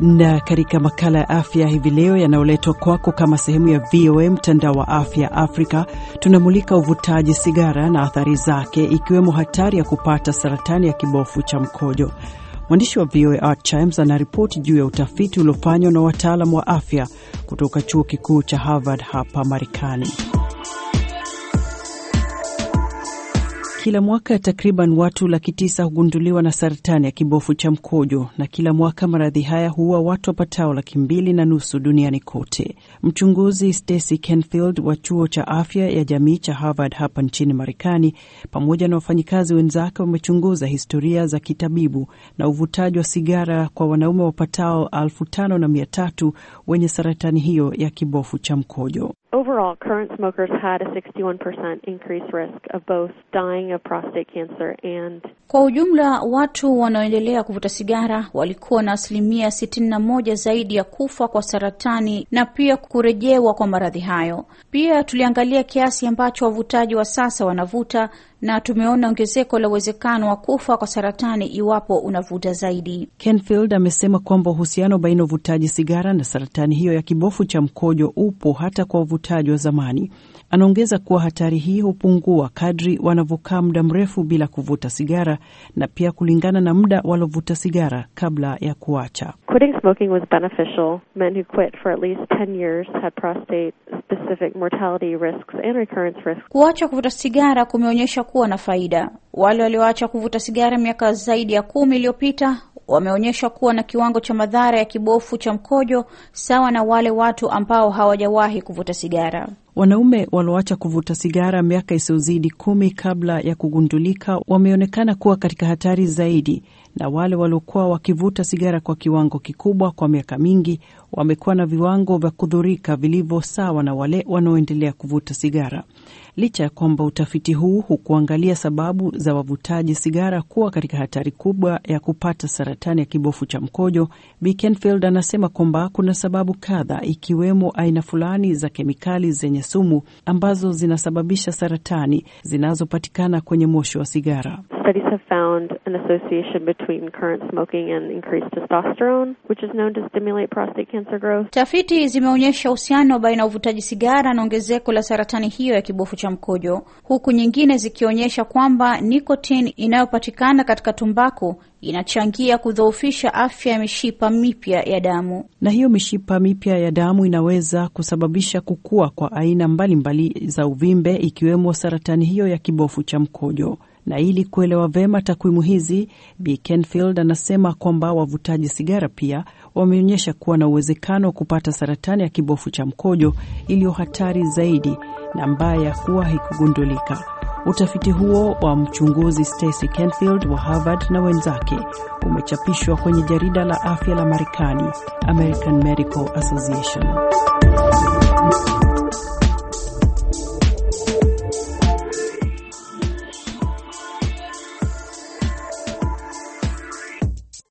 na katika makala ya afya hivi leo yanayoletwa kwako kama sehemu ya VOA mtandao wa afya Afrika, tunamulika uvutaji sigara na athari zake, ikiwemo hatari ya kupata saratani ya kibofu cha mkojo. Mwandishi wa VOA Art Chimes anaripoti juu ya utafiti uliofanywa na wataalam wa afya kutoka chuo kikuu cha Harvard hapa Marekani. Kila mwaka takriban watu laki tisa hugunduliwa na saratani ya kibofu cha mkojo, na kila mwaka maradhi haya huua watu wapatao laki mbili na nusu duniani kote. Mchunguzi Stacy Kenfield wa chuo cha afya ya jamii cha Harvard hapa nchini Marekani pamoja na wafanyikazi wenzake wamechunguza historia za kitabibu na uvutaji wa sigara kwa wanaume wapatao elfu tano na mia tatu wenye saratani hiyo ya kibofu cha mkojo. Overall, current smokers had a 61% increased risk of both dying of prostate cancer and Kwa ujumla watu wanaoendelea kuvuta sigara walikuwa na asilimia 61 zaidi ya kufa kwa saratani na pia kurejewa kwa maradhi hayo. Pia tuliangalia kiasi ambacho wavutaji wa sasa wanavuta na tumeona ongezeko la uwezekano wa kufa kwa saratani iwapo unavuta zaidi. Kenfield amesema kwamba uhusiano baina ya uvutaji sigara na saratani hiyo ya kibofu cha mkojo upo hata kwa uvutaji wa zamani. Anaongeza kuwa hatari hii hupungua kadri wanavyokaa muda mrefu bila kuvuta sigara na pia kulingana na muda walovuta sigara kabla ya kuacha. Quitting smoking was beneficial. Men who quit for at least 10 years had prostate specific mortality risks and recurrence risks. Kuacha kuvuta sigara kumeonyesha kuwa na faida. Wale walioacha kuvuta sigara miaka zaidi ya kumi iliyopita wameonyeshwa kuwa na kiwango cha madhara ya kibofu cha mkojo sawa na wale watu ambao hawajawahi kuvuta sigara. Wanaume walioacha kuvuta sigara miaka isiyozidi kumi kabla ya kugundulika wameonekana kuwa katika hatari zaidi na wale waliokuwa wakivuta sigara kwa kiwango kikubwa kwa miaka mingi wamekuwa na viwango vya kudhurika vilivyo sawa na wale wanaoendelea kuvuta sigara. Licha ya kwamba utafiti huu hukuangalia sababu za wavutaji sigara kuwa katika hatari kubwa ya kupata saratani ya kibofu cha mkojo, Bikenfeld anasema kwamba kuna sababu kadha, ikiwemo aina fulani za kemikali zenye sumu ambazo zinasababisha saratani zinazopatikana kwenye moshi wa sigara studies have found an association between current smoking and increased testosterone, which is known to stimulate prostate cancer growth. Tafiti zimeonyesha uhusiano baina ya uvutaji sigara na ongezeko la saratani hiyo ya kibofu cha mkojo, huku nyingine zikionyesha kwamba nikotini inayopatikana katika tumbaku inachangia kudhoofisha afya ya mishipa mipya ya damu, na hiyo mishipa mipya ya damu inaweza kusababisha kukua kwa aina mbalimbali mbali za uvimbe ikiwemo saratani hiyo ya kibofu cha mkojo. Na ili kuelewa vema takwimu hizi, b Kenfield anasema kwamba wavutaji sigara pia wameonyesha kuwa na uwezekano wa kupata saratani ya kibofu cha mkojo iliyo hatari zaidi na mbaya kuwa haikugundulika. Utafiti huo wa mchunguzi Stacy Kenfield wa Harvard na wenzake umechapishwa kwenye jarida la afya la Marekani, American Medical Association.